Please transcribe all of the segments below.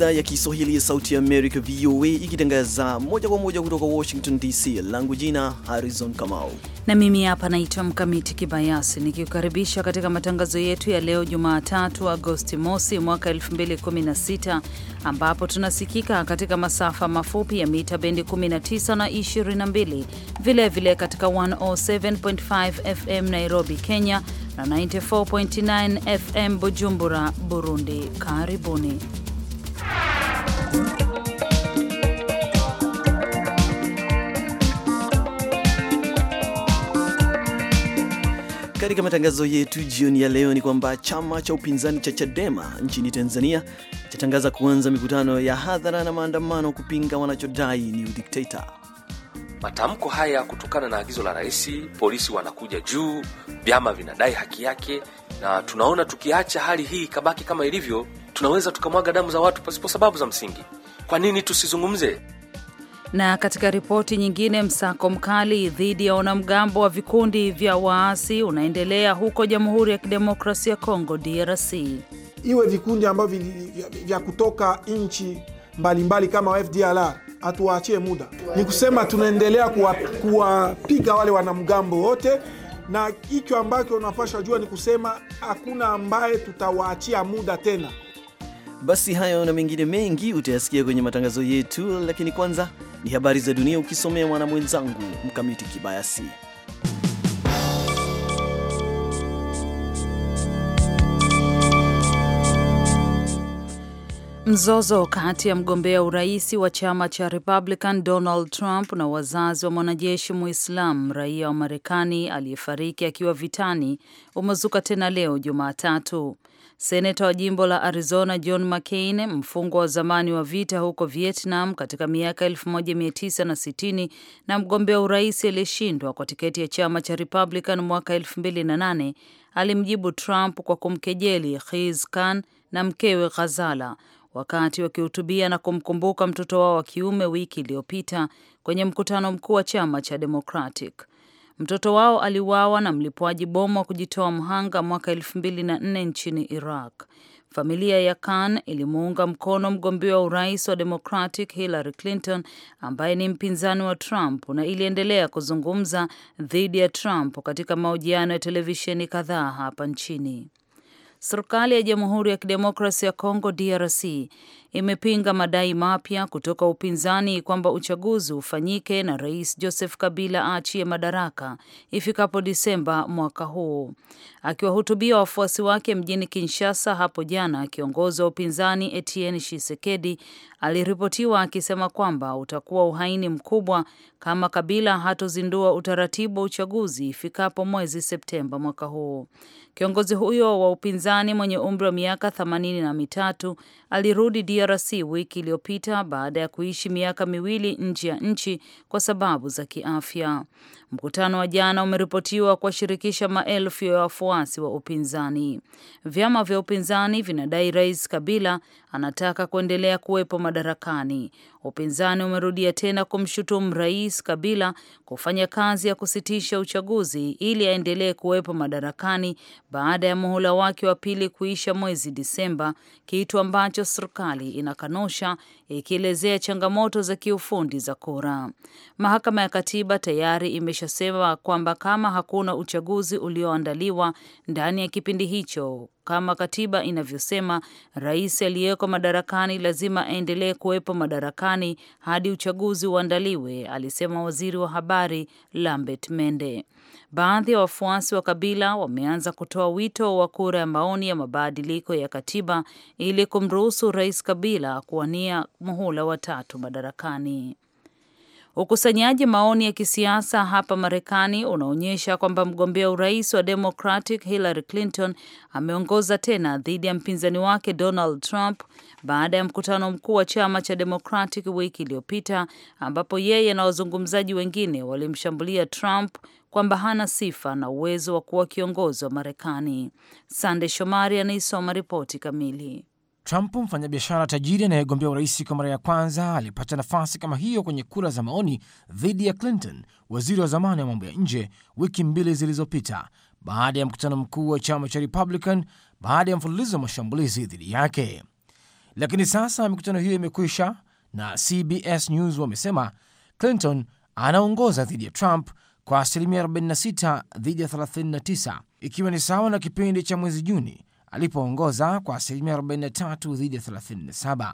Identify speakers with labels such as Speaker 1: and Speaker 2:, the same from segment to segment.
Speaker 1: idhaa ya Kiswahili ya Sauti ya Amerika, VOA, ikitangaza moja kwa moja kutoka Washington DC. Langu jina Harrison Kamau
Speaker 2: na mimi hapa naitwa Mkamiti Kibayasi nikikukaribisha katika matangazo yetu ya leo Jumatatu, Agosti mosi mwaka 2016 ambapo tunasikika katika masafa mafupi ya mita bendi 19 na 22, vilevile vile katika 107.5 FM Nairobi, Kenya na 94.9 FM Bujumbura, Burundi. Karibuni.
Speaker 1: Katika matangazo yetu jioni ya leo ni kwamba chama cha upinzani cha Chadema nchini Tanzania chatangaza kuanza mikutano ya hadhara na maandamano kupinga wanachodai ni udikteta.
Speaker 3: Matamko haya kutokana na agizo la rais, polisi wanakuja juu, vyama vinadai haki yake, na tunaona tukiacha hali hii ikabaki kama ilivyo, tunaweza tukamwaga damu za watu pasipo sababu za msingi. Kwa nini tusizungumze?
Speaker 2: Na katika ripoti nyingine, msako mkali dhidi ya wanamgambo wa vikundi vya waasi unaendelea huko Jamhuri ya Kidemokrasia ya Kongo, DRC.
Speaker 4: Iwe vikundi ambavyo vya kutoka nchi mbalimbali kama FDLR, hatuwaachie muda. Ni kusema tunaendelea kuwapiga wale wanamgambo wote, na hicho ambacho unapasha jua ni kusema hakuna ambaye
Speaker 1: tutawaachia
Speaker 4: muda tena.
Speaker 1: Basi hayo na mengine mengi utayasikia kwenye matangazo yetu, lakini kwanza ni habari za dunia ukisomea mwana mwenzangu Mkamiti Kibayasi.
Speaker 2: Mzozo kati ya mgombea urais wa chama cha Republican Donald Trump na wazazi wa mwanajeshi Muislam raia wa Marekani aliyefariki akiwa vitani umezuka tena leo Jumatatu. Seneta wa jimbo la Arizona John McCain, mfungwa wa zamani wa vita huko Vietnam katika miaka 1960 na mgombea urais aliyeshindwa kwa tiketi ya chama cha Republican mwaka 2008 alimjibu Trump kwa kumkejeli Khiz Khan na mkewe Ghazala wakati wakihutubia na kumkumbuka mtoto wao wa kiume wiki iliyopita kwenye mkutano mkuu wa chama cha Democratic. Mtoto wao aliuawa na mlipuaji bomu wa kujitoa mhanga mwaka nne nchini Iraq. Familia ya Khan ilimuunga mkono mgombea wa urais wa Democratic Hillary Clinton ambaye ni mpinzani wa Trump na iliendelea kuzungumza dhidi ya Trump katika mahojiano ya televisheni kadhaa hapa nchini. Serikali ya Jamhuri ya Kidemokrasi ya Kongo DRC imepinga madai mapya kutoka upinzani kwamba uchaguzi ufanyike na Rais Joseph Kabila aachie madaraka ifikapo Disemba mwaka huu. Akiwahutubia wafuasi wake mjini Kinshasa hapo jana, kiongozi wa upinzani Etienne Tshisekedi aliripotiwa akisema kwamba utakuwa uhaini mkubwa kama Kabila hatozindua utaratibu wa uchaguzi ifikapo mwezi Septemba mwaka huu. Kiongozi huyo wa upinzani mwenye umri wa miaka themanini na mitatu alirudi DRC wiki iliyopita baada ya kuishi miaka miwili nje ya nchi kwa sababu za kiafya. Mkutano wa jana umeripotiwa kuwashirikisha maelfu ya wafuasi wa upinzani. Vyama vya upinzani vinadai Rais Kabila anataka kuendelea kuwepo madarakani. Upinzani umerudia tena kumshutumu Rais Kabila kufanya kazi ya kusitisha uchaguzi ili aendelee kuwepo madarakani baada ya muhula wake wa pili kuisha mwezi Disemba, kitu ambacho serikali inakanusha ikielezea changamoto za kiufundi za kura. Mahakama ya Katiba tayari imeshasema kwamba kama hakuna uchaguzi ulioandaliwa ndani ya kipindi hicho kama katiba inavyosema, rais aliyeko madarakani lazima aendelee kuwepo madarakani hadi uchaguzi uandaliwe, alisema waziri wa habari Lambert Mende. Baadhi ya wafuasi wa Kabila wameanza kutoa wito wa kura ya maoni ya mabadiliko ya katiba ili kumruhusu Rais Kabila kuwania muhula wa tatu madarakani. Ukusanyaji maoni ya kisiasa hapa Marekani unaonyesha kwamba mgombea urais wa Democratic Hillary Clinton ameongoza tena dhidi ya mpinzani wake Donald Trump baada ya mkutano mkuu wa chama cha Democratic wiki iliyopita ambapo yeye na wazungumzaji wengine walimshambulia Trump kwamba hana sifa na uwezo wa kuwa kiongozi wa Marekani. Sande Shomari anaisoma ripoti kamili.
Speaker 5: Trump, mfanyabiashara tajiri anayegombea urais kwa mara ya kwanza, alipata nafasi kama hiyo kwenye kura za maoni dhidi ya Clinton, waziri wa zamani wa mambo ya nje, wiki mbili zilizopita baada ya mkutano mkuu wa chama cha Republican baada ya mfululizo wa mashambulizi dhidi yake. Lakini sasa mikutano hiyo imekwisha, na CBS News wamesema Clinton anaongoza dhidi ya Trump kwa asilimia 46 dhidi ya 39, ikiwa ni sawa na kipindi cha mwezi Juni alipoongoza kwa asilimia 43 dhidi ya 37.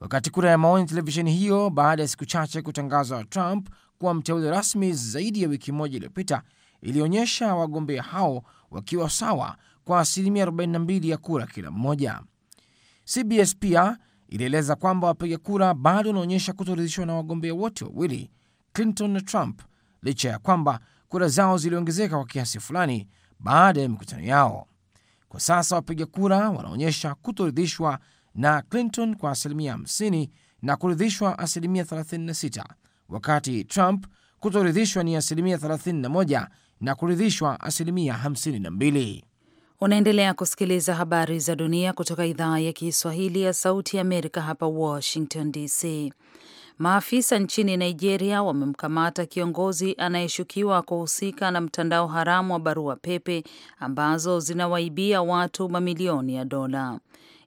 Speaker 5: Wakati kura ya maoni televisheni hiyo, baada ya siku chache kutangazwa Trump kuwa mteule rasmi zaidi ya wiki moja iliyopita, ilionyesha wagombea hao wakiwa sawa kwa asilimia 42 ya kura kila mmoja. CBS pia ilieleza kwamba wapiga kura bado wanaonyesha kutoridhishwa na wagombea wote wawili, Clinton na Trump, licha ya kwamba kura zao ziliongezeka kwa kiasi fulani baada ya mikutano yao. Kwa sasa wapiga kura wanaonyesha kutoridhishwa na Clinton kwa asilimia 50 na kuridhishwa asilimia 36, wakati Trump kutoridhishwa ni asilimia 31 na kuridhishwa asilimia 52.
Speaker 2: Unaendelea kusikiliza habari za dunia kutoka idhaa ya Kiswahili ya Sauti ya Amerika hapa Washington DC. Maafisa nchini Nigeria wamemkamata kiongozi anayeshukiwa kuhusika na mtandao haramu wa barua pepe ambazo zinawaibia watu mamilioni ya dola.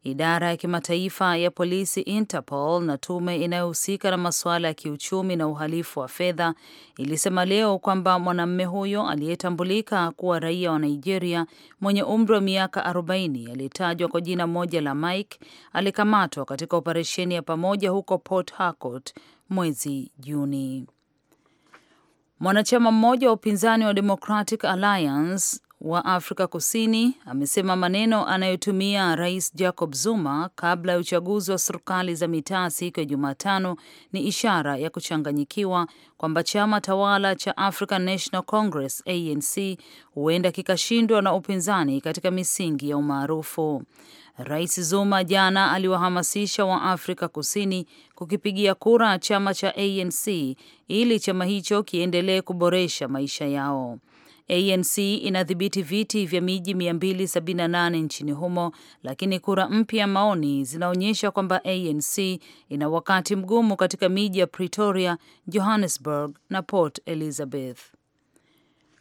Speaker 2: Idara ya kimataifa ya polisi Interpol na tume inayohusika na masuala ya kiuchumi na uhalifu wa fedha ilisema leo kwamba mwanamume huyo aliyetambulika kuwa raia wa Nigeria mwenye umri wa miaka 40 aliyetajwa kwa jina moja la Mike alikamatwa katika operesheni ya pamoja huko Port Harcourt mwezi Juni. Mwanachama mmoja wa upinzani wa Democratic Alliance wa Afrika Kusini amesema maneno anayotumia Rais Jacob Zuma kabla ya uchaguzi wa serikali za mitaa siku ya Jumatano ni ishara ya kuchanganyikiwa kwamba chama tawala cha African National Congress ANC huenda kikashindwa na upinzani katika misingi ya umaarufu. Rais Zuma jana aliwahamasisha wa Afrika Kusini kukipigia kura chama cha ANC ili chama hicho kiendelee kuboresha maisha yao. ANC inadhibiti viti vya miji 278 nchini humo, lakini kura mpya maoni zinaonyesha kwamba ANC ina wakati mgumu katika miji ya Pretoria, Johannesburg na Port Elizabeth.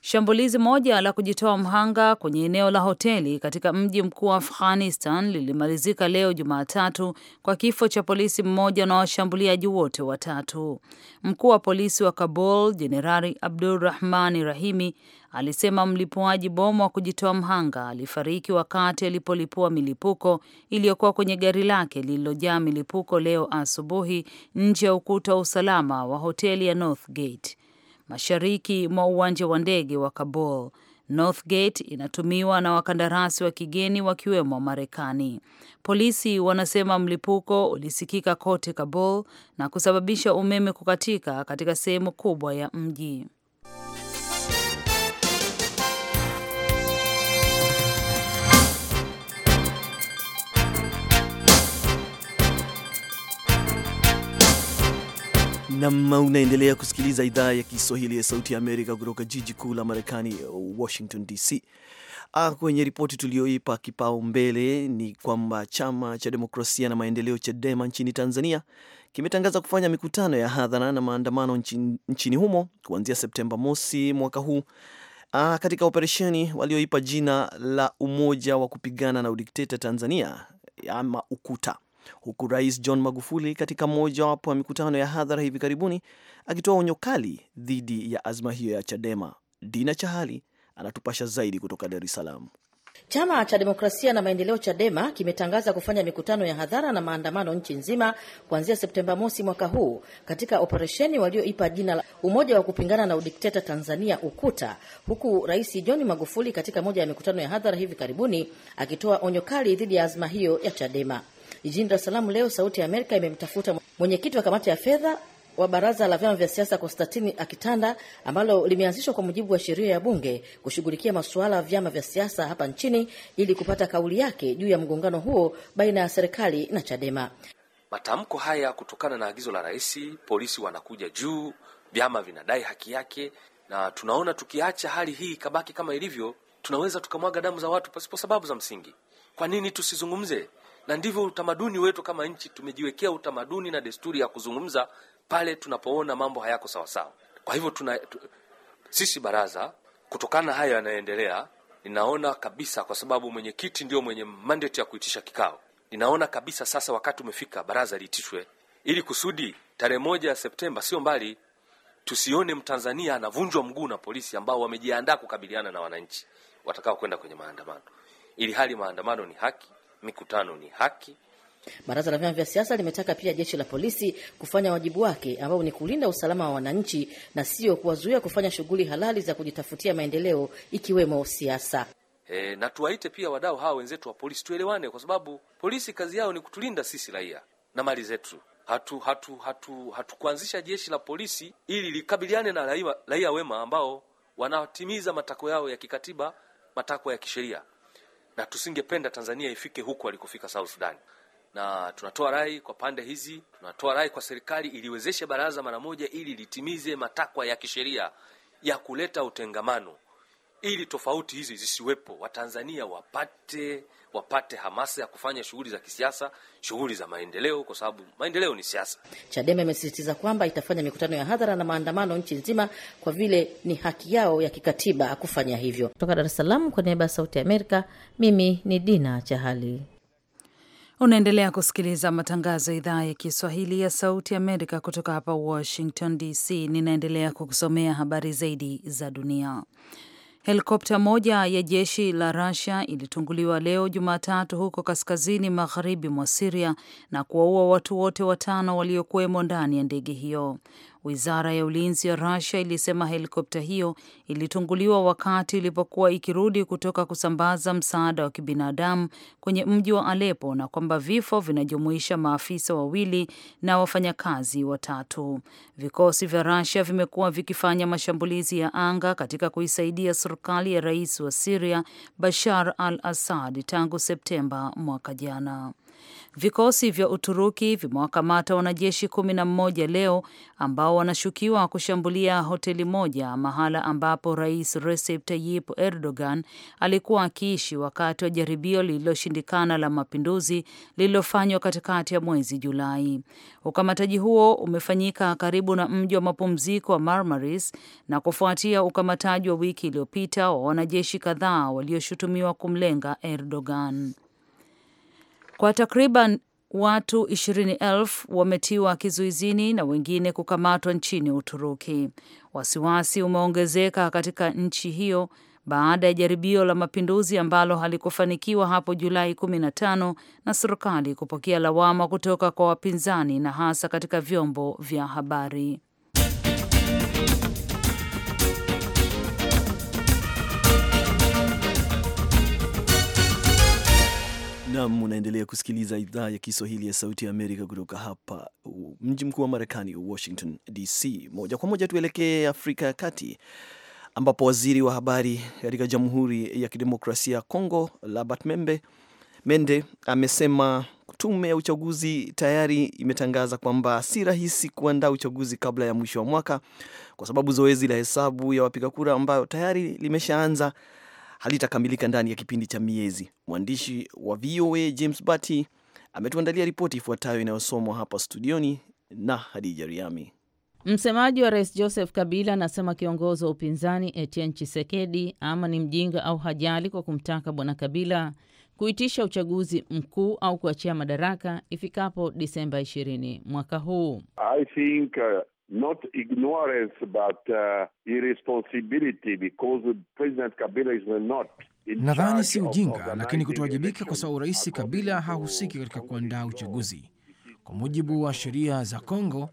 Speaker 2: Shambulizi moja la kujitoa mhanga kwenye eneo la hoteli katika mji mkuu wa Afghanistan lilimalizika leo Jumatatu kwa kifo cha polisi mmoja na washambuliaji wote watatu. Mkuu wa polisi wa Kabul Jenerali Abdurrahmani Rahimi alisema mlipuaji bomu wa kujitoa mhanga alifariki wakati alipolipua milipuko iliyokuwa kwenye gari lake lililojaa milipuko leo asubuhi nje ya ukuta wa usalama wa hoteli ya northgate mashariki mwa uwanja wa ndege wa Kabul. Northgate inatumiwa na wakandarasi wa kigeni wakiwemo Marekani. Polisi wanasema mlipuko ulisikika kote Kabul na kusababisha umeme kukatika katika sehemu kubwa ya mji.
Speaker 1: Nam, unaendelea kusikiliza idhaa ya Kiswahili ya Sauti ya Amerika kutoka jiji kuu la Marekani, Washington DC. Ah, kwenye ripoti tuliyoipa kipaumbele ni kwamba chama cha demokrasia na maendeleo CHADEMA nchini Tanzania kimetangaza kufanya mikutano ya hadhara na maandamano nchini, nchini humo kuanzia Septemba mosi mwaka huu Aa, ah, katika operesheni walioipa jina la Umoja wa Kupigana na Udikteta Tanzania ama UKUTA huku Rais John Magufuli katika mojawapo ya mikutano ya hadhara hivi karibuni akitoa onyo kali dhidi ya azma hiyo ya Chadema. Dina Chahali anatupasha zaidi kutoka Dar es Salaam.
Speaker 6: Chama cha Demokrasia na Maendeleo, Chadema, kimetangaza kufanya mikutano ya hadhara na maandamano nchi nzima kuanzia Septemba mosi mwaka huu katika operesheni walioipa jina la Umoja wa Kupingana na Udikteta Tanzania, UKUTA, huku Rais John Magufuli katika moja ya mikutano ya hadhara hivi karibuni akitoa onyo kali dhidi ya azma hiyo ya Chadema. Jijini Dar es Salaam leo Sauti ya Amerika imemtafuta mwenyekiti wa kamati ya fedha wa baraza la vyama vya siasa Konstantini Akitanda ambalo limeanzishwa kwa mujibu wa sheria ya Bunge kushughulikia masuala ya vyama vya siasa hapa nchini ili kupata kauli yake juu ya mgongano huo baina ya serikali na Chadema.
Speaker 3: Matamko haya kutokana na agizo la rais, polisi wanakuja juu, vyama vinadai haki yake, na tunaona tukiacha hali hii kabaki kama ilivyo, tunaweza tukamwaga damu za watu pasipo sababu za msingi. Kwa nini tusizungumze na ndivyo utamaduni wetu kama nchi. Tumejiwekea utamaduni na desturi ya kuzungumza pale tunapoona mambo hayako sawasawa. Kwa hivyo tuna, tu, sisi baraza kutokana na hayo yanayoendelea, ninaona kabisa, kwa sababu mwenyekiti ndio mwenye mandate ya kuitisha kikao, ninaona kabisa sasa wakati umefika baraza liitishwe ili kusudi tarehe moja ya Septemba, sio mbali, tusione mtanzania anavunjwa mguu na polisi ambao wamejiandaa kukabiliana na wananchi watakao kwenda kwenye maandamano, ili hali maandamano ni haki mikutano ni haki.
Speaker 6: Baraza la vyama vya siasa limetaka pia jeshi la polisi kufanya wajibu wake ambao ni kulinda usalama wa wananchi na sio kuwazuia kufanya shughuli halali za kujitafutia maendeleo ikiwemo siasa.
Speaker 3: E, na tuwaite pia wadau hawa wenzetu wa polisi tuelewane, kwa sababu polisi kazi yao ni kutulinda sisi raia na mali zetu. Hatu hatu hatu hatukuanzisha jeshi la polisi ili likabiliane na raia, raia wema ambao wanatimiza matakwa yao ya kikatiba, matakwa ya kisheria na tusingependa Tanzania ifike huko alikofika South Sudan. Na tunatoa rai kwa pande hizi, tunatoa rai kwa serikali iliwezeshe baraza mara moja, ili litimize matakwa ya kisheria ya kuleta utengamano, ili tofauti hizi zisiwepo, Watanzania wapate wapate hamasa ya kufanya shughuli za kisiasa, shughuli za maendeleo, kwa sababu maendeleo ni siasa.
Speaker 6: Chadema imesisitiza kwamba itafanya mikutano ya hadhara na maandamano nchi nzima, kwa vile ni haki yao ya kikatiba kufanya hivyo. Kutoka Dar es Salaam, kwa niaba ya Sauti ya Amerika, mimi ni Dina Chahali.
Speaker 2: Unaendelea kusikiliza matangazo ya idhaa ya Kiswahili ya Sauti Amerika kutoka hapa Washington DC. Ninaendelea kukusomea habari zaidi za dunia. Helikopta moja ya jeshi la rasia ilitunguliwa leo Jumatatu huko kaskazini magharibi mwa Siria na kuwaua watu wote watano waliokuwemo ndani ya ndege hiyo. Wizara ya ulinzi ya rasia ilisema helikopta hiyo ilitunguliwa wakati ilipokuwa ikirudi kutoka kusambaza msaada wa kibinadamu kwenye mji wa alepo na kwamba vifo vinajumuisha maafisa wawili na wafanyakazi watatu. Vikosi vya Russia vimekuwa vikifanya mashambulizi ya anga katika kuisaidia serikali ya rais wa siria Bashar al-Assad tangu Septemba mwaka jana. Vikosi vya Uturuki vimewakamata wanajeshi kumi na mmoja leo ambao wanashukiwa kushambulia hoteli moja mahala ambapo Rais Recep Tayyip Erdogan alikuwa akiishi wakati wa jaribio lililoshindikana la mapinduzi lililofanywa katikati ya mwezi Julai. Ukamataji huo umefanyika karibu na mji wa mapumziko wa Marmaris na kufuatia ukamataji wa wiki iliyopita wa wanajeshi kadhaa walioshutumiwa kumlenga Erdogan. Kwa takriban watu 20,000 wametiwa kizuizini na wengine kukamatwa nchini Uturuki. Wasiwasi umeongezeka katika nchi hiyo baada ya jaribio la mapinduzi ambalo halikufanikiwa hapo Julai 15 na serikali kupokea lawama kutoka kwa wapinzani na hasa katika vyombo vya habari.
Speaker 1: Nam, unaendelea kusikiliza idhaa ya Kiswahili ya Sauti ya Amerika kutoka hapa mji mkuu wa Marekani, Washington DC. Moja kwa moja tuelekee Afrika ya Kati, ambapo waziri wa habari katika Jamhuri ya Kidemokrasia ya Kongo Labert Membe Mende amesema tume ya uchaguzi tayari imetangaza kwamba si rahisi kuandaa uchaguzi kabla ya mwisho wa mwaka kwa sababu zoezi la hesabu ya wapiga kura ambayo tayari limeshaanza halitakamilika ndani ya kipindi cha miezi. Mwandishi wa VOA James Bati ametuandalia ripoti ifuatayo inayosomwa hapa studioni na Hadija Riami.
Speaker 7: Msemaji wa rais Joseph Kabila anasema kiongozi wa upinzani Etienne Chisekedi ama ni mjinga au hajali kwa kumtaka bwana Kabila kuitisha uchaguzi mkuu au kuachia madaraka ifikapo Disemba 20 mwaka huu. I
Speaker 8: think, uh, not ignorance but uh, irresponsibility because President Kabila is not
Speaker 5: Nadhani si ujinga, lakini kutowajibika kwa sababu Rais Kabila hahusiki katika kuandaa uchaguzi. Kwa mujibu wa sheria za Kongo,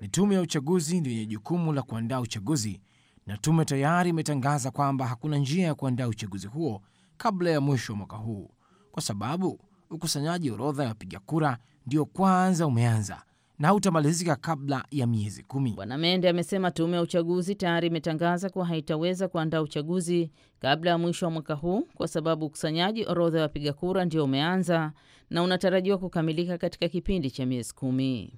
Speaker 5: ni tume ya uchaguzi ndio yenye jukumu la kuandaa uchaguzi, na tume tayari imetangaza kwamba hakuna njia ya kuandaa uchaguzi huo kabla ya mwisho wa mwaka huu, kwa sababu ukusanyaji orodha ya wapiga kura ndio kwanza umeanza na utamalizika kabla ya miezi kumi.
Speaker 7: Bwana Mende amesema tume ya uchaguzi tayari imetangaza kuwa haitaweza kuandaa uchaguzi kabla ya mwisho wa mwaka huu kwa sababu ukusanyaji orodha ya wapiga kura ndio umeanza na unatarajiwa kukamilika katika kipindi cha miezi kumi.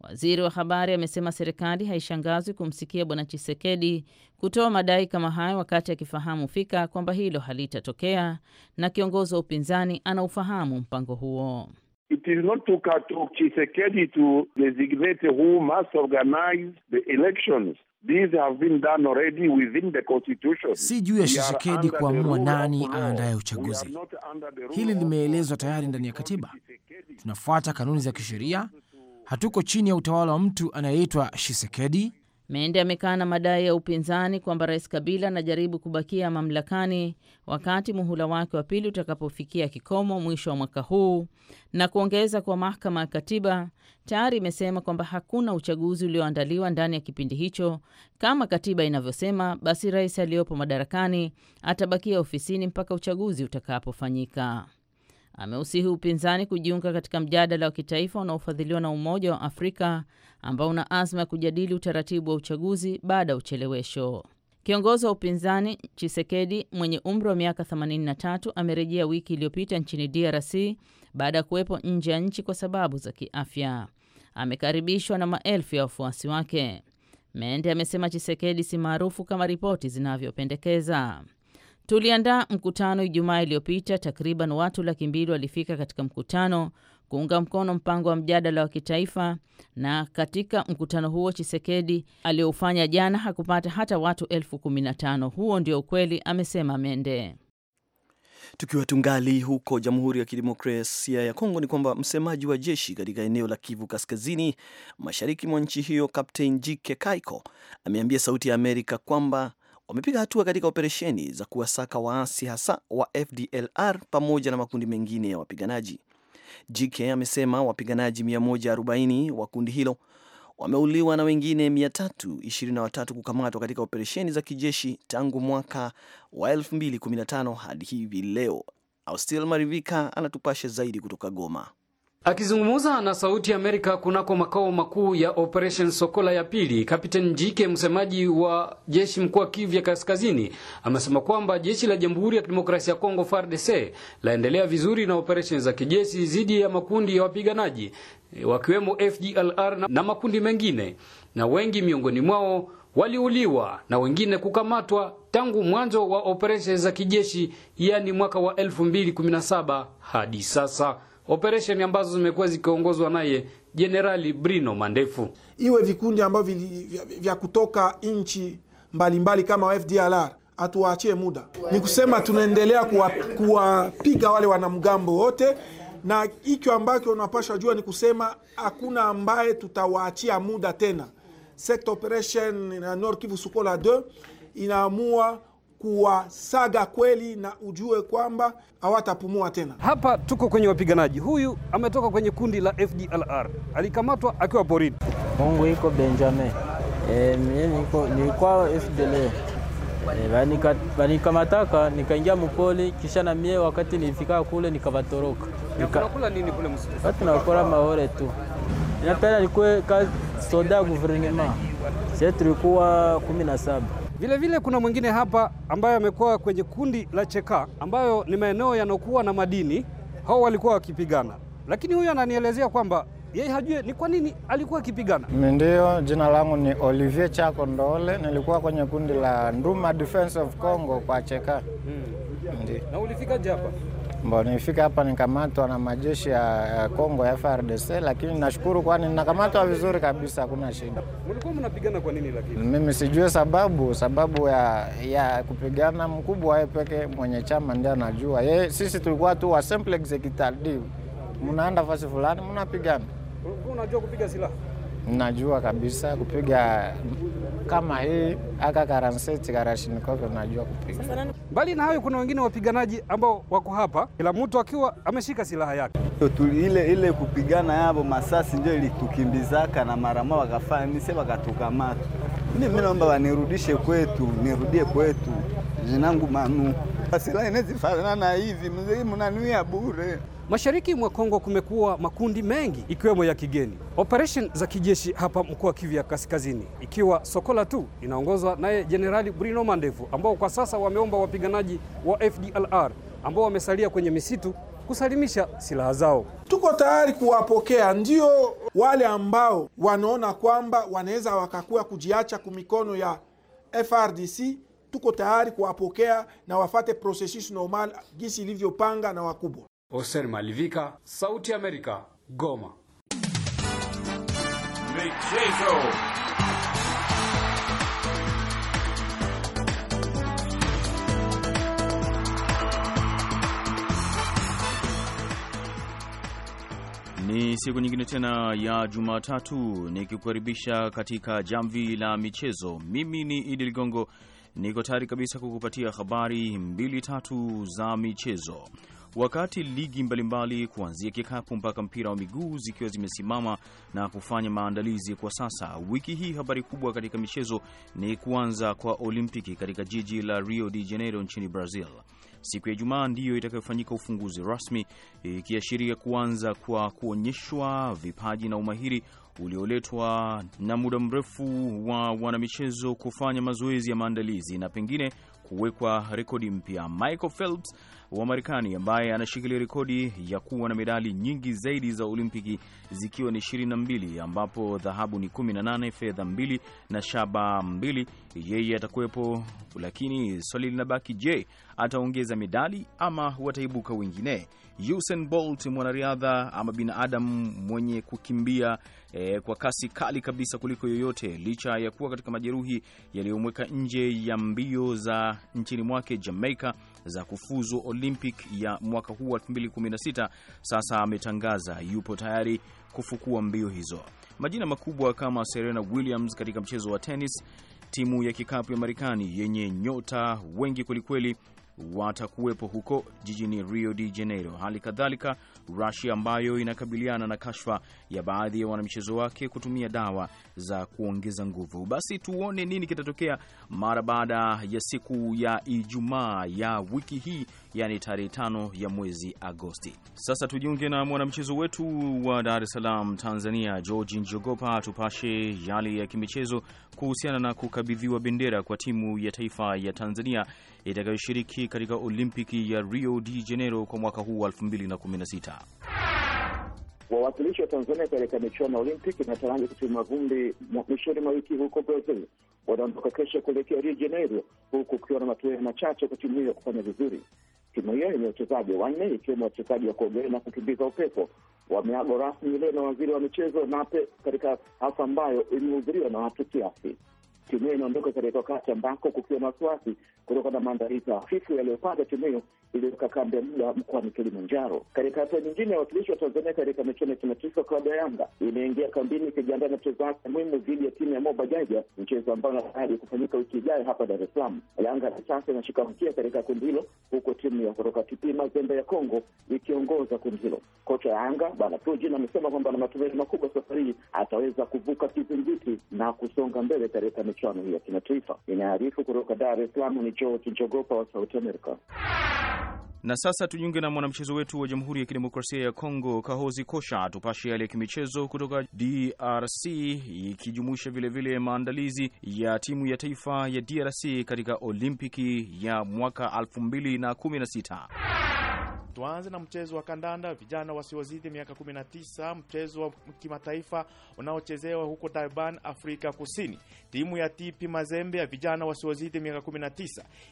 Speaker 7: Waziri wa habari amesema serikali haishangazwi kumsikia Bwana Chisekedi kutoa madai kama hayo wakati akifahamu fika kwamba hilo halitatokea na kiongozi wa upinzani anaufahamu mpango huo.
Speaker 4: It is not to Kato Chisekedi to designate who must organize the elections. These have been done already within the constitution.
Speaker 5: Si juu ya Chisekedi kuamua nani aandaye uchaguzi. Hili limeelezwa tayari ndani ya katiba. Tunafuata kanuni za kisheria. Hatuko chini ya utawala wa mtu anayeitwa Chisekedi
Speaker 7: Mende amekana madai ya upinzani kwamba Rais Kabila anajaribu kubakia mamlakani wakati muhula wake wa pili utakapofikia kikomo mwisho wa mwaka huu na kuongeza kwa mahakama ya katiba tayari imesema kwamba hakuna uchaguzi ulioandaliwa ndani ya kipindi hicho. Kama katiba inavyosema, basi rais aliyopo madarakani atabakia ofisini mpaka uchaguzi utakapofanyika ameusihi upinzani kujiunga katika mjadala wa kitaifa unaofadhiliwa na Umoja wa Afrika ambao una azma ya kujadili utaratibu wa uchaguzi baada ya uchelewesho. Kiongozi wa upinzani Chisekedi mwenye umri wa miaka 83 amerejea wiki iliyopita nchini DRC baada ya kuwepo nje ya nchi kwa sababu za kiafya. Amekaribishwa na maelfu ya wafuasi wake. Mende amesema Chisekedi si maarufu kama ripoti zinavyopendekeza. Tuliandaa mkutano Ijumaa iliyopita. Takriban watu laki mbili walifika katika mkutano kuunga mkono mpango wa mjadala wa kitaifa, na katika mkutano huo Chisekedi aliyoufanya jana hakupata hata watu elfu kumi na tano. Huo ndio ukweli, amesema Mende.
Speaker 1: Tukiwa tungali huko Jamhuri ya Kidemokrasia ya Kongo, ni kwamba msemaji wa jeshi katika eneo la Kivu Kaskazini, mashariki mwa nchi hiyo, kaptein Jike Kaiko ameambia Sauti ya Amerika kwamba wamepiga hatua katika operesheni za kuwasaka waasi hasa wa FDLR pamoja na makundi mengine ya wapiganaji. JK amesema wapiganaji 140 wa kundi hilo wameuliwa na wengine 323 kukamatwa katika operesheni za kijeshi tangu mwaka wa 2015 hadi hivi leo. Austil Marivika anatupasha zaidi kutoka Goma. Akizungumza na Sauti ya Amerika kunako makao makuu ya Operation
Speaker 9: Sokola ya pili, Kapteni Jike, msemaji wa jeshi mkuu wa Kivu ya Kaskazini, amesema kwamba jeshi la Jamhuri ya Kidemokrasia ya Kongo FARDC laendelea vizuri na operesheni za kijeshi dhidi ya makundi ya wapiganaji e, wakiwemo FDLR na makundi mengine, na wengi miongoni mwao waliuliwa na wengine kukamatwa tangu mwanzo wa operesheni za kijeshi, yaani mwaka wa 2017 hadi sasa operesheni ambazo zimekuwa zikiongozwa naye Jenerali Brino Mandefu.
Speaker 4: Iwe vikundi ambavyo vya, vya kutoka nchi mbalimbali kama FDLR hatuwaachie muda, ni kusema tunaendelea kuwapiga wale wanamgambo wote, na hicho ambacho unapasha jua ni kusema hakuna ambaye tutawaachia muda tena. Sector operation na Nord Kivu Sukola 2 inaamua kuwasaga kweli na ujue kwamba hawatapumua tena. Hapa tuko kwenye
Speaker 9: wapiganaji. Huyu ametoka kwenye kundi la FDLR, alikamatwa akiwa porini. Mungu
Speaker 5: iko Benjamin. E, mie
Speaker 9: niko nilikuwa FDLR e,
Speaker 10: eh, vanikamataka nikaingia mupoli, kisha na mie wakati nilifika kule nikavatoroka. Tunakula
Speaker 9: nini kule maore tu natana likuwa soda ya guvernema sie tulikuwa kumi na saba Vilevile kuna mwingine hapa ambaye amekuwa kwenye kundi la Cheka ambayo ni maeneo yanokuwa na madini. Hao walikuwa wakipigana, lakini huyu ananielezea kwamba yeye hajue ni kwa nini alikuwa akipigana.
Speaker 11: Ndio, jina langu ni Olivier Chako Ndole, nilikuwa kwenye kundi la Nduma Defense of Congo kwa Cheka.
Speaker 9: Hmm. Ndio. Na ulifika hapa?
Speaker 11: Mbona nifika hapa nikamatwa na majeshi ya Kongo ya frdc lakini nashukuru kwani nakamatwa vizuri kabisa, hakuna shida.
Speaker 9: Mlikuwa mnapigana kwa nini lakini?
Speaker 11: Mimi sijui sababu, sababu ya, ya kupigana mkubwa yeye peke mwenye chama ndiye anajua. Yeye
Speaker 9: sisi tulikuwa tu wa simple executive.
Speaker 11: Mnaenda fasi fulani mnapigana. Unajua kupiga silaha? Najua kabisa kupiga kama hii aka karanseti Karashnikov unajua kupiga.
Speaker 9: Mbali na hayo, kuna wengine wapiganaji ambao wako hapa, kila mtu akiwa ameshika silaha yake. Ile ile kupigana yavo masasi ndio ilitukimbizaka na marama wakafanya
Speaker 10: mise wakatukamata.
Speaker 9: Mimi naomba wanirudishe kwetu, nirudie kwetu, jinangu manuu Silaha inazifanana hivi, mzee, mnanuia bure. Mashariki mwa Kongo kumekuwa makundi mengi ikiwemo ya kigeni. operation za kijeshi hapa mkoa wa Kivu ya Kaskazini, ikiwa Sokola tu inaongozwa naye Jenerali Bruno Mandevu, ambao kwa sasa wameomba wapiganaji wa FDLR ambao wamesalia kwenye misitu kusalimisha silaha zao.
Speaker 4: Tuko tayari kuwapokea, ndio wale ambao wanaona kwamba wanaweza wakakuwa kujiacha kumikono ya FRDC tuko tayari kuwapokea na wafate processus normal jinsi ilivyopanga na wakubwa. Oser Malivika, Sauti Amerika, Goma.
Speaker 2: Michezo.
Speaker 10: Ni siku nyingine tena ya Jumatatu nikikukaribisha katika jamvi la michezo. Mimi ni Idi Ligongo niko tayari kabisa kukupatia habari mbili tatu za michezo. Wakati ligi mbalimbali kuanzia kikapu mpaka mpira wa miguu zikiwa zimesimama na kufanya maandalizi kwa sasa, wiki hii habari kubwa katika michezo ni kuanza kwa Olimpiki katika jiji la Rio de Janeiro nchini Brazil. Siku ya Ijumaa ndiyo itakayofanyika ufunguzi rasmi, ikiashiria kuanza kwa kuonyeshwa vipaji na umahiri ulioletwa na muda mrefu wa wanamichezo kufanya mazoezi ya maandalizi na pengine kuwekwa rekodi mpya. Michael Phelps wa Marekani ambaye anashikilia rekodi ya kuwa na medali nyingi zaidi za Olimpiki zikiwa ni 22 ambapo dhahabu ni 18, fedha 2 na shaba 2 Yeye atakuwepo, lakini swali linabaki, je, ataongeza medali ama wataibuka wengine? Usain Bolt, mwanariadha ama binadamu mwenye kukimbia e, kwa kasi kali kabisa kuliko yoyote, licha ya kuwa katika majeruhi yaliyomweka nje ya mbio za nchini mwake Jamaica za kufuzu Olympic ya mwaka huu wa 2016, sasa ametangaza yupo tayari kufukua mbio hizo. Majina makubwa kama Serena Williams katika mchezo wa tennis, timu ya kikapu ya Marekani yenye nyota wengi kwelikweli watakuwepo huko jijini Rio de Janeiro. Hali kadhalika, Rusia ambayo inakabiliana na kashfa ya baadhi ya wanamichezo wake kutumia dawa za kuongeza nguvu. Basi tuone nini kitatokea mara baada ya siku ya Ijumaa ya wiki hii yani tarehe tano ya mwezi Agosti. Sasa tujiunge na mwanamchezo wetu wa Dar es Salaam, Tanzania, Georgi Njogopa, tupashe yale ya kimichezo kuhusiana na kukabidhiwa bendera kwa timu ya taifa ya Tanzania itakayoshiriki katika Olimpiki ya Rio de Janeiro kwa mwaka huu wa 2016.
Speaker 8: Wawakilishi wa Tanzania katika michuano ya Olimpiki inataraji kutima vumbi mwishoni mwa wiki huko Brazil. Wanaondoka kesho kuelekea Rio Janeiro, huku kukiwa na matumaini machache kwa timu hiyo kufanya vizuri. Timu hiyo yenye wachezaji wanne ikiwemo wachezaji wa kuogelea na kukimbiza upepo wameagwa rasmi leo na waziri wa michezo Nape katika hafla ambayo imehudhuriwa na watu kiasi hiyo inaondoka katika wakati ambako kukiwa na wasiwasi kutoka na maandalizi hafifu yaliyopata hiyo iliweka kambi ya muda mkoani Kilimanjaro. Katika hatua nyingine ya wakilishi wa Tanzania katika michuano ya kimataifa, klabu ya Yanga imeingia kambini ikijiandaa na mchezo wake muhimu dhidi ya timu ya Moba Jaja, mchezo ambao unatarajiwa kufanyika wiki ijayo hapa Dar es Salaam. Yanga na sasa inashika mkia katika kundi hilo, huku timu ya kutoka TP Mazembe ya Kongo ikiongoza kundi hilo. Kocha ya Yanga Bwana Prujin amesema kwamba na matumaini makubwa safari hii ataweza kuvuka kizingiti na kusonga mbele katika michuano hiyo ya kimataifa. Inaarifu kutoka Dar es Salaam ni George Njogopa wa Sauti Amerika.
Speaker 10: Na sasa tujiunge na mwanamchezo wetu wa Jamhuri ya Kidemokrasia ya Kongo, Kahozi Kosha, tupashe yale ya kimichezo kutoka DRC, ikijumuisha vilevile maandalizi ya timu ya taifa ya DRC katika Olimpiki ya mwaka 2016.
Speaker 12: Tuanze na mchezo wa kandanda vijana wasiozidi miaka 19, mchezo wa kimataifa unaochezewa huko Durban, Afrika Kusini. Timu ya TP Mazembe ya vijana wasiozidi miaka 19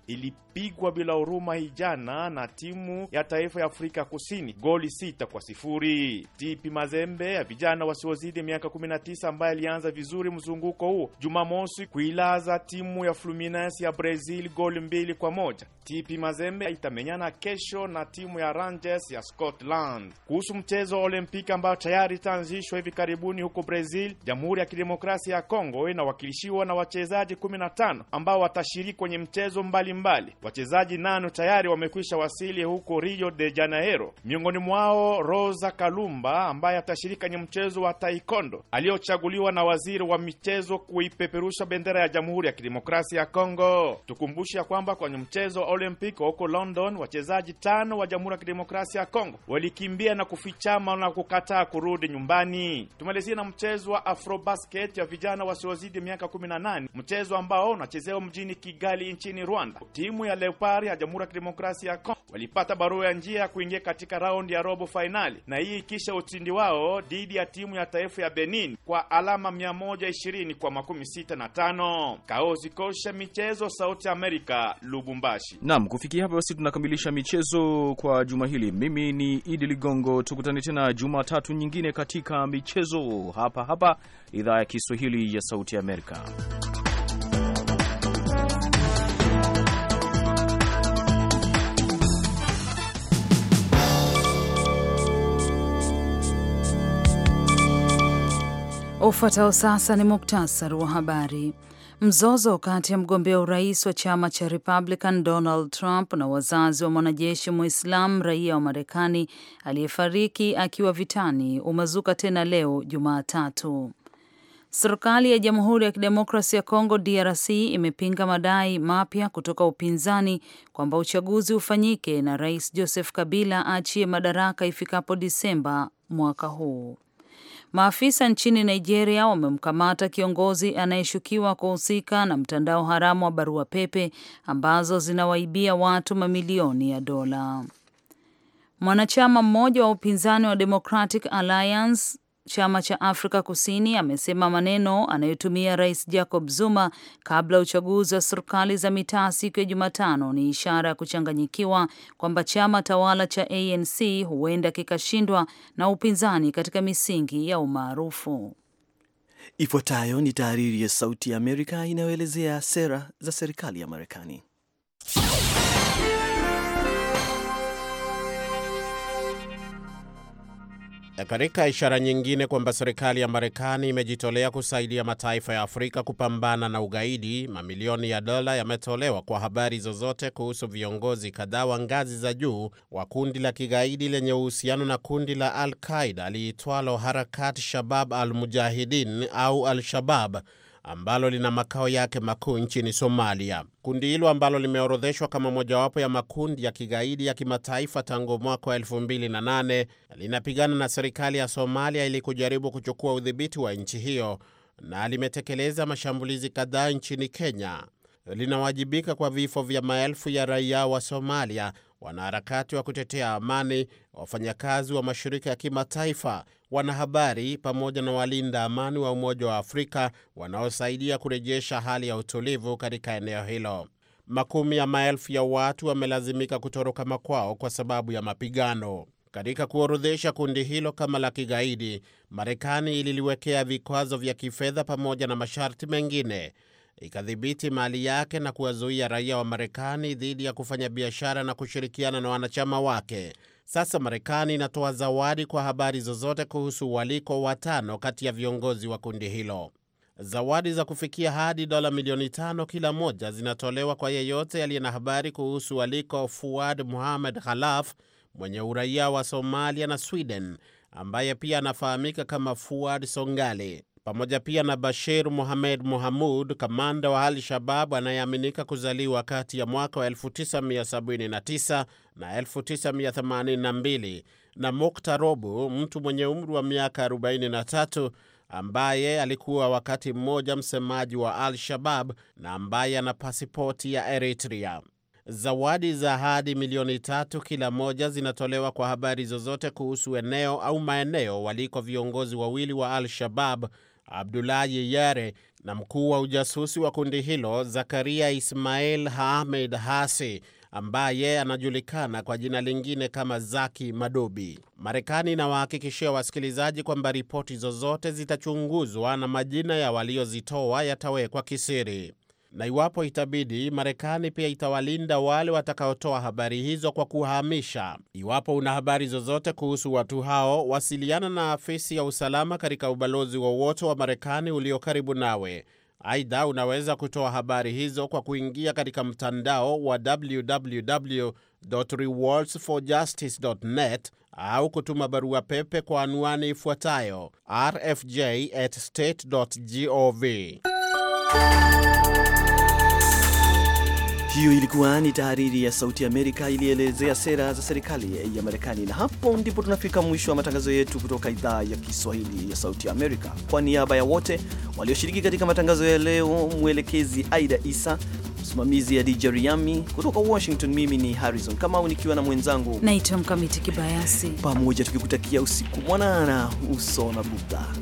Speaker 12: ilipigwa bila huruma hii jana na t timu ya taifa ya Afrika Kusini goli sita kwa sifuri. TP Mazembe ya vijana wasiozidi miaka 19 ambaye alianza vizuri mzunguko huo Jumamosi kuilaza timu ya Fluminense ya Brazil goli mbili kwa moja. TP Mazembe itamenyana kesho na timu ya Rangers ya Scotland. Kuhusu mchezo wa Olimpiki ambao tayari itaanzishwa hivi karibuni huko Brazil, Jamhuri ya Kidemokrasia ya Kongo inawakilishiwa na wachezaji 15 ambao watashiriki kwenye mchezo mbalimbali. Wachezaji nano tayari wamekwisha wasili Chile huko Rio de Janeiro, miongoni mwao Rosa Kalumba ambaye atashiriki kwenye mchezo wa taekwondo aliyochaguliwa na waziri wa michezo kuipeperusha bendera ya Jamhuri ya Kidemokrasia ya Kongo. Tukumbushe ya kwamba kwenye mchezo wa Olympic huko London wachezaji tano wa Jamhuri ya Kidemokrasia ya Kongo walikimbia na kufichama na kukataa kurudi nyumbani. Tumalizia na mchezo wa Afrobasket ya vijana wasiozidi miaka 18, mchezo ambao unachezewa mjini Kigali nchini Rwanda. Timu ya Leopard ya Jamhuri ya Kidemokrasia ya Kongo walipata barua ya njia ya kuingia katika raundi ya robo fainali, na hii kisha ushindi wao dhidi ya timu ya taifa ya Benin kwa alama 120 kwa makumi sita na tano. Kaozi Kosha, michezo, Sauti Amerika, Lubumbashi.
Speaker 10: Naam, kufikia hapa basi tunakamilisha michezo kwa juma hili. Mimi ni Idi Ligongo, tukutane tena Jumatatu nyingine katika michezo hapa hapa idhaa ya Kiswahili ya Sauti Amerika.
Speaker 2: Ufuatao sasa ni muktasari wa habari. Mzozo kati ya mgombea urais wa chama cha Republican Donald Trump na wazazi wa mwanajeshi Muislam raia wa Marekani aliyefariki akiwa vitani umezuka tena leo Jumatatu. Serikali ya Jamhuri ya Kidemokrasi ya Kongo DRC imepinga madai mapya kutoka upinzani kwamba uchaguzi ufanyike na Rais Joseph Kabila aachie madaraka ifikapo Disemba mwaka huu. Maafisa nchini Nigeria wamemkamata kiongozi anayeshukiwa kuhusika na mtandao haramu wa barua pepe ambazo zinawaibia watu mamilioni ya dola. Mwanachama mmoja wa upinzani wa Democratic Alliance chama cha Afrika Kusini amesema maneno anayotumia Rais Jacob Zuma kabla uchaguzi wa serikali za mitaa siku ya Jumatano ni ishara ya kuchanganyikiwa kwamba chama tawala cha ANC huenda kikashindwa na upinzani katika misingi ya umaarufu.
Speaker 1: Ifuatayo ni tahariri ya Sauti ya Amerika inayoelezea sera za serikali ya Marekani.
Speaker 11: katika ishara nyingine kwamba serikali ya Marekani imejitolea kusaidia mataifa ya Afrika kupambana na ugaidi, mamilioni ya dola yametolewa kwa habari zozote kuhusu viongozi kadhaa wa ngazi za juu wa kundi la kigaidi lenye uhusiano na kundi la Al Qaida liitwalo Harakat Shabab al Mujahidin au Al Shabab ambalo lina makao yake makuu nchini Somalia. Kundi hilo ambalo limeorodheshwa kama mojawapo ya makundi ya kigaidi ya kimataifa tangu mwaka wa 2008 linapigana na serikali ya Somalia ili kujaribu kuchukua udhibiti wa nchi hiyo na limetekeleza mashambulizi kadhaa nchini Kenya. Linawajibika kwa vifo vya maelfu ya raia wa Somalia, wanaharakati wa kutetea amani, wafanyakazi wa mashirika ya kimataifa, wanahabari pamoja na walinda amani wa Umoja wa Afrika wanaosaidia kurejesha hali ya utulivu katika eneo hilo. Makumi ya maelfu ya watu wamelazimika kutoroka makwao kwa sababu ya mapigano. Katika kuorodhesha kundi hilo kama la kigaidi, Marekani ililiwekea vikwazo vya kifedha pamoja na masharti mengine, ikadhibiti mali yake na kuwazuia raia wa Marekani dhidi ya kufanya biashara na kushirikiana na wanachama wake. Sasa Marekani inatoa zawadi kwa habari zozote kuhusu waliko watano kati ya viongozi wa kundi hilo. Zawadi za kufikia hadi dola milioni tano kila moja zinatolewa kwa yeyote aliye na habari kuhusu aliko Fuad Muhamed Khalaf mwenye uraia wa Somalia na Sweden ambaye pia anafahamika kama Fuad Songali pamoja pia na Bashir muhamed muhamud kamanda wa Al Shabab anayeaminika kuzaliwa kati ya mwaka wa 1979 na 1982 na Mukta Robu, mtu mwenye umri wa miaka 43 ambaye alikuwa wakati mmoja msemaji wa Al Shabab na ambaye ana pasipoti ya Eritrea. Zawadi za hadi milioni tatu kila moja zinatolewa kwa habari zozote kuhusu eneo au maeneo waliko viongozi wawili wa Al Shabab Abdulahi Yare na mkuu wa ujasusi wa kundi hilo Zakaria Ismail Hamed Hasi ambaye anajulikana kwa jina lingine kama Zaki Madobi. Marekani inawahakikishia wasikilizaji kwamba ripoti zozote zitachunguzwa na majina ya waliozitoa yatawekwa kisiri na iwapo itabidi, Marekani pia itawalinda wale watakaotoa habari hizo kwa kuhamisha. Iwapo una habari zozote kuhusu watu hao, wasiliana na afisi ya usalama katika ubalozi wowote wa, wa Marekani ulio karibu nawe. Aidha, unaweza kutoa habari hizo kwa kuingia katika mtandao wa www au kutuma barua pepe kwa anwani ifuatayo rfj at
Speaker 1: hiyo ilikuwa ni tahariri ya Sauti Amerika iliyoelezea sera za serikali ya Marekani, na hapo ndipo tunafika mwisho wa matangazo yetu kutoka idhaa ya Kiswahili ya Sauti Amerika. Kwa niaba ya wote walioshiriki katika matangazo ya leo, mwelekezi Aida Isa, msimamizi ya DJ Riami kutoka Washington, mimi ni Harrison Kamau nikiwa na mwenzangu
Speaker 2: naitwa Mkamiti Kibayasi, pamoja tukikutakia
Speaker 1: usiku mwanana, uso na budha.